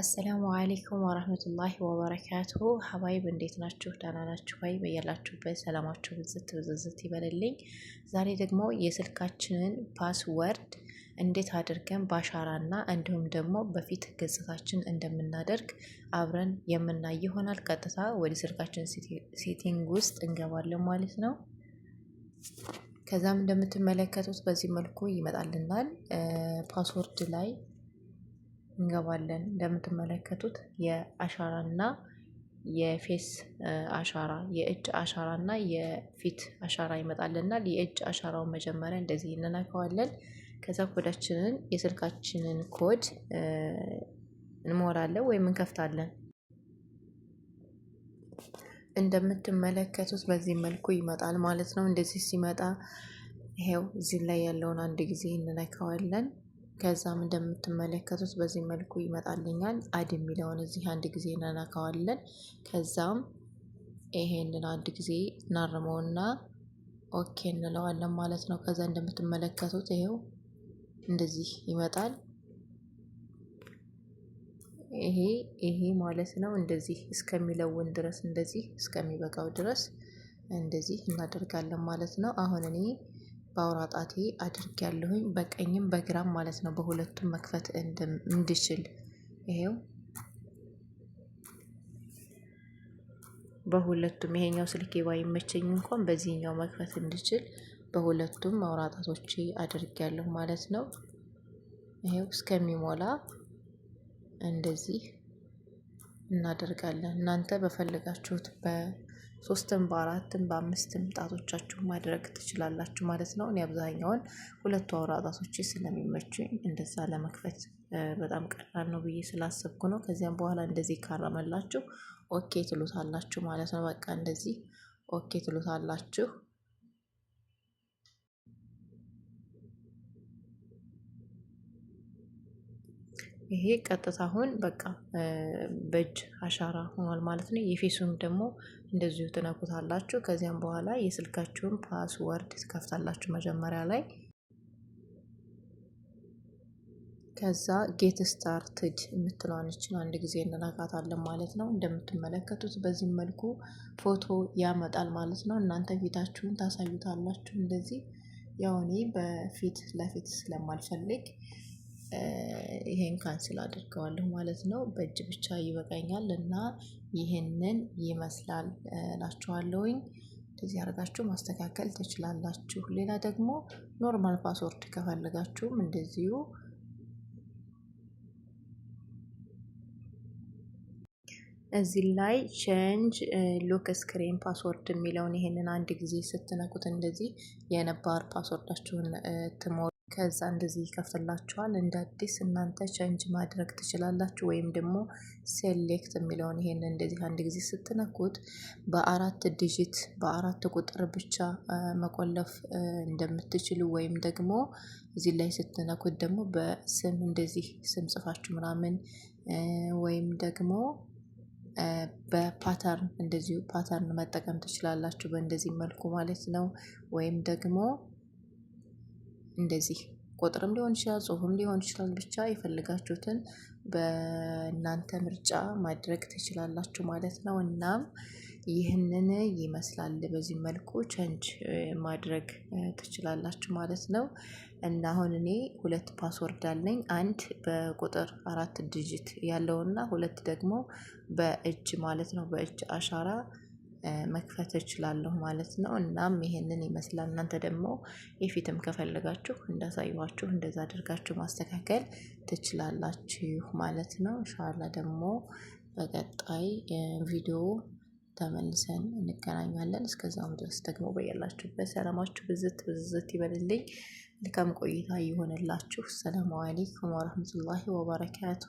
አሰላሙ አሌይኩም ወረህመቱላሂ ወበረካቱሁ። ሀባይብ እንዴት ናችሁ? ደህና ናችሁ ወይ? በያላችሁበት ሰላማችሁ ብዝት ብዝዝት ይበልልኝ። ዛሬ ደግሞ የስልካችንን ፓስወርድ እንዴት አድርገን በአሻራና እንዲሁም ደግሞ በፊት ገጽታችን እንደምናደርግ አብረን የምናይ ይሆናል። ቀጥታ ወደ ስልካችን ሴቲንግ ውስጥ እንገባለን ማለት ነው። ከዛም እንደምትመለከቱት በዚህ መልኩ ይመጣልናል ፓስወርድ ላይ እንገባለን። እንደምትመለከቱት የአሻራ የፌስ አሻራ የእጅ አሻራ እና የፊት አሻራ ይመጣልናል። የእጅ አሻራውን መጀመሪያ እንደዚህ እንነካዋለን። ከዛ ኮዳችንን የስልካችንን ኮድ እንሞላለን ወይም እንከፍታለን። እንደምትመለከቱት በዚህ መልኩ ይመጣል ማለት ነው። እንደዚህ ሲመጣ ይሄው እዚህ ላይ ያለውን አንድ ጊዜ እንነካዋለን። ከዛም እንደምትመለከቱት በዚህ መልኩ ይመጣልኛል። አድ የሚለውን እዚህ አንድ ጊዜ እናነካዋለን። ከዛም ይሄንን አንድ ጊዜ እናርመውና ኦኬ እንለዋለን ማለት ነው። ከዛ እንደምትመለከቱት ይሄው እንደዚህ ይመጣል። ይሄ ይሄ ማለት ነው። እንደዚህ እስከሚለውን ድረስ እንደዚህ እስከሚበቃው ድረስ እንደዚህ እናደርጋለን ማለት ነው። አሁን እኔ በአውራ ጣቴ ያለሁኝ በቀኝም በግራም ማለት ነው። በሁለቱም መክፈት እንድችል ይሄው በሁለቱም ይሄኛው ስልኬ ባይመቸኝ እንኳን በዚህኛው መክፈት እንድችል በሁለቱም አውራ ጣቶቼ አድርጊያለሁ ማለት ነው። ይሄው እስከሚሞላ እንደዚህ እናደርጋለን። እናንተ በፈለጋችሁት በ ሶስትም በአራትም በአምስትም ጣቶቻችሁ ማድረግ ትችላላችሁ ማለት ነው። እኔ አብዛኛውን ሁለቱ አውራ ጣቶች ስለሚመችኝ እንደዛ ለመክፈት በጣም ቀላል ነው ብዬ ስላሰብኩ ነው። ከዚያም በኋላ እንደዚህ ካረመላችሁ ኦኬ ትሉታላችሁ ማለት ነው። በቃ እንደዚህ ኦኬ ትሉታላችሁ። ይሄ ቀጥታ አሁን በቃ በእጅ አሻራ ሆኗል ማለት ነው። የፌሱም ደግሞ እንደዚሁ ትነኩታላችሁ። ከዚያም በኋላ የስልካችሁን ፓስወርድ ትከፍታላችሁ መጀመሪያ ላይ ከዛ ጌት ስታርትድ የምትለዋን አንድ ጊዜ እንነካታለን ማለት ነው። እንደምትመለከቱት በዚህ መልኩ ፎቶ ያመጣል ማለት ነው። እናንተ ፊታችሁን ታሳዩታላችሁ እንደዚህ። ያው እኔ በፊት ለፊት ስለማልፈልግ ይሄን ካንስል አድርገዋለሁ ማለት ነው። በእጅ ብቻ ይበቃኛል እና ይህንን ይመስላል ላችኋለውኝ። እንደዚህ አድርጋችሁ ማስተካከል ትችላላችሁ። ሌላ ደግሞ ኖርማል ፓስወርድ ከፈለጋችሁም እንደዚሁ እዚህ ላይ ቼንጅ ሎክ ስክሪን ፓስወርድ የሚለውን ይሄንን አንድ ጊዜ ስትነኩት እንደዚህ የነባር ፓስወርዳችሁን ትሞ ከዛ እንደዚህ ይከፍትላችኋል። እንደ አዲስ እናንተ ቸንጅ ማድረግ ትችላላችሁ። ወይም ደግሞ ሴሌክት የሚለውን ይሄን እንደዚህ አንድ ጊዜ ስትነኩት በአራት ዲጂት በአራት ቁጥር ብቻ መቆለፍ እንደምትችሉ ወይም ደግሞ እዚህ ላይ ስትነኩት ደግሞ በስም እንደዚህ ስም ጽፋችሁ ምናምን ወይም ደግሞ በፓተርን እንደዚሁ ፓተርን መጠቀም ትችላላችሁ። በእንደዚህ መልኩ ማለት ነው ወይም ደግሞ እንደዚህ ቁጥርም ሊሆን ይችላል፣ ጽሁፍም ሊሆን ይችላል። ብቻ የፈለጋችሁትን በእናንተ ምርጫ ማድረግ ትችላላችሁ ማለት ነው። እናም ይህንን ይመስላል። በዚህ መልኩ ቸንጅ ማድረግ ትችላላችሁ ማለት ነው። እና አሁን እኔ ሁለት ፓስወርድ አለኝ። አንድ በቁጥር አራት ድጅት ያለውና ሁለት ደግሞ በእጅ ማለት ነው በእጅ አሻራ መክፈት እችላለሁ ማለት ነው። እናም ይሄንን ይመስላል እናንተ ደግሞ የፊትም ከፈለጋችሁ እንዳሳየኋችሁ እንደዛ አድርጋችሁ ማስተካከል ትችላላችሁ ማለት ነው። ኢንሻአላ ደግሞ በቀጣይ ቪዲዮ ተመልሰን እንገናኛለን። እስከዛ ድረስ ደግሞ በያላችሁበት ሰላማችሁ ብዝት ብዝት ይበልልኝ። መልካም ቆይታ ይሆንላችሁ። ሰላም አሌይኩም ወረህመቱላሂ ወበረካቱ